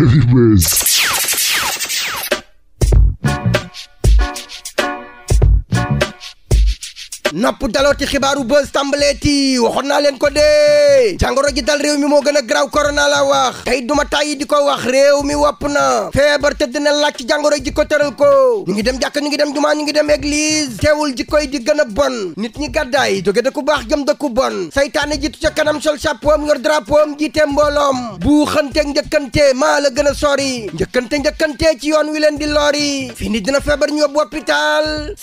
Anyways. nopp daloo ci xibaaru buzz tàmbaleeti waxoon naa leen ko dee jàngoro ji dal réew mi moo gën a graw korona la wax tey duma tàyyi di ko wax réew mi wopp na feebar tëdd na laaj jàngoro ji ko tëral ko ñu ngi dem jàkk ñu ngi dem jumaa ñu ngi dem église teewul ji koy di gën a bon nit ñi gàddaay jóge dëkku baax jëm dëkku bon saytaane jiitu ca kanam sol chapeau am yor drapeau am jiite mbooloom bu xënteeg njëkkante maa la gën a sori njëkkante njëkkante ci yoon wi leen di lori fii ni dina feebar ñu yóbbu hôpital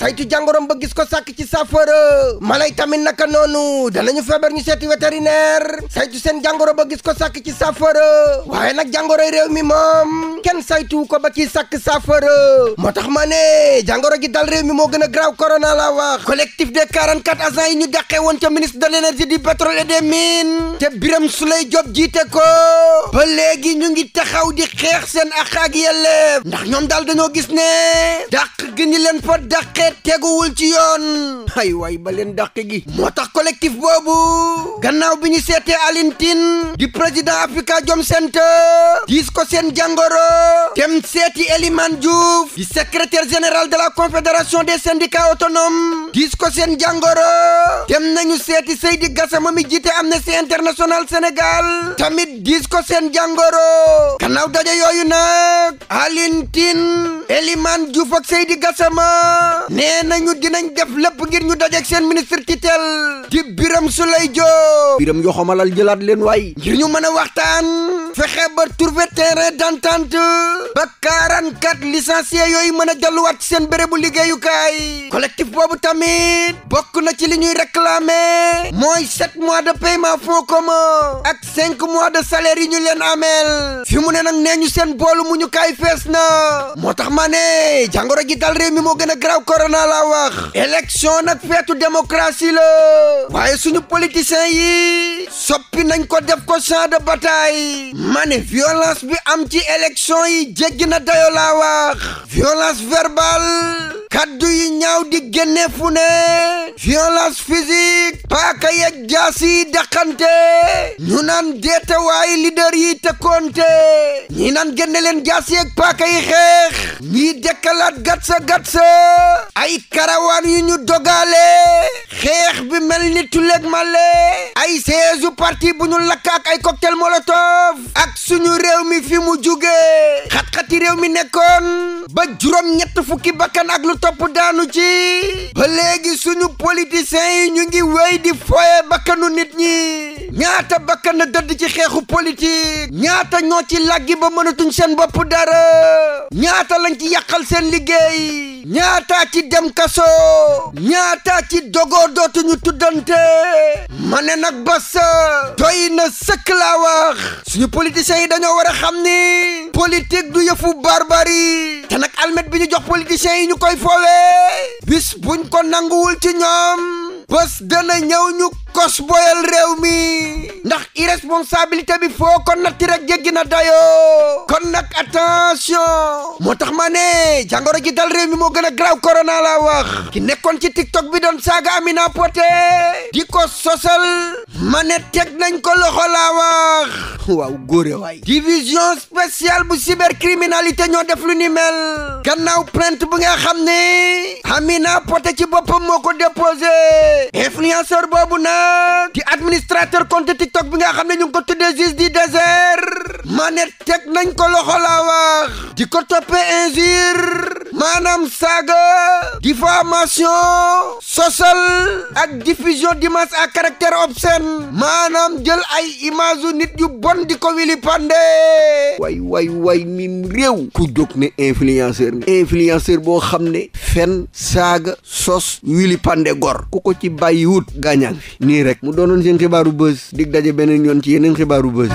ba gis ko sàkk ci safara mala yi tamit naka noonu danañu feebar ñu seeti vétérinaire saytu seen jàngoro ba gis ko sàkk ci saafara waaye nag jàngoroy réew mi moom kenn saytu ko ba ci sàkk saafara moo tax ma ne jàngoro gi dal réew mi moo gën a graaw corona la wax collectif des 44 agents yi ñu dàqee woon ca ministre de l'énergie du pétrole et des mines te Birame Souleye Diop jiite ko ba léegi ñu ngi taxaw di xeex seen àq ak yelleef ndax ñoom daal dañoo gis ne dàq gi ñu leen fa dàqee teguwul ci way ba leen dàq gi moo tax collectif boobu gannaaw bi ñu seetee Alioune Tine di président Afrikajom Center diis ko seen jàngoro dem seeti Eliman Diouf di secrétaire général de la confédération des syndicats autonomes dis ko seen jàngoro dem nañu seeti Seydi Gassama mi jiite Amnesty International Sénégal tamit dis ko seen jàngoro gannaaw daje yooyu nag Alioune Tine Eliman Diouf ak Seydi Gassama nee nañu dinañ def lépp ngir ñu dajeek seen ministre tutelle di Birame Souleye Diop Birame yoo jëlaat leen waay ngir ñu mën a waxtaan fexe ba trouver terrain d'entente bakkaaraankat licencié yooyu mën a delluwaat ci seen bérébu liggéeyukaay collectif boobu tamit bokk na ci li ñuy réclamer mooy sept mois de paiement fonds commun ak cinq mois de salaire yi ñu leen ameel fi mu ne nag nee ñu seen boolu mu ñu kaay fees na moo tax ma ne jàngoro ji dal réew mi moo gën a graw corona laa wax élection nag feetu démocratie la waaye suñu politiciens yi soppi nañ ko def ko champ de bataille ma ne violence bi am ci élection yi jéggi na dayo laa wax violence verbale kaddu yi ñaaw di génne fu ne violence physique paaka yeeg jaas daqante ñu naan deete waaye yi te konte ñi naan génne leen jaas yeeg paaka yi xeex ñii dekkalaat gatsa gatsa ay karawaan yu ñu dogaale xeex bi mel ni tuleeg male ay seesu parti bu ñu lakk ak ay cocktail molotov ak suñu réew mi fi mu jóge xat-xati réew mi nekkoon ba juróom ñett fukki bakkan ak lu topp daanu ci ba léegi suñu politiciens yi ñu ngi wéy di foye bakkanu nit ñi ñaata bakkan na dëdd ci xeexu politique ñaata ñoo ci laggi ba mënatuñ seen bopp dara ñaata lañ ci yàqal seen liggéey ñaataa ci dem kaso ñaataa ci dogoo dootuñu tuddante ma ne nag bas doy na sëkk laa wax suñu politiciens yi dañoo war a xam ni politique du yëfu barbarie te nag almet bi ñu jox politiciens yi ñu koy foowee bis buñ ko nanguwul ci ñoom bés dana ñëw ñu kos boyal réew mi ndax irresponsabilité bi foo kon natti rek jéggi na dayoo kon nag attention moo tax ma ne jàngoro ji dal réew mi moo gën a graw corona la wax ki nekkoon ci tiktok bi doon saaga Amina Poté di ko sosal ma ne teg nañ ko loxo wax waaw góore waay division spéciale bu cybercriminalité ñoo def lu ni mel gannaaw plainte bu nga xam ne Amina Poté ci boppam moo ko déposé influenceur boobu nag di administrateur compte TikTok bi nga xam ne ñu ko tuddee juge du désert ma ne teg nañ ko loxo laa wax di ko toppee injure maanaam saaga diffamation sosal ak diffusion d'images à caractère obscène maanaam jël ay image nit yu bon am di ko wili pande way way way mim réew ku jóg ne influenceur nga influenceur boo xam ne fen saaga sos wili pande gor ku ko ci bàyyi wut gaañaan fi nii rek mu doonoon seen xibaaru buzz dig daje beneen yoon ci yeneen xibaaru buzz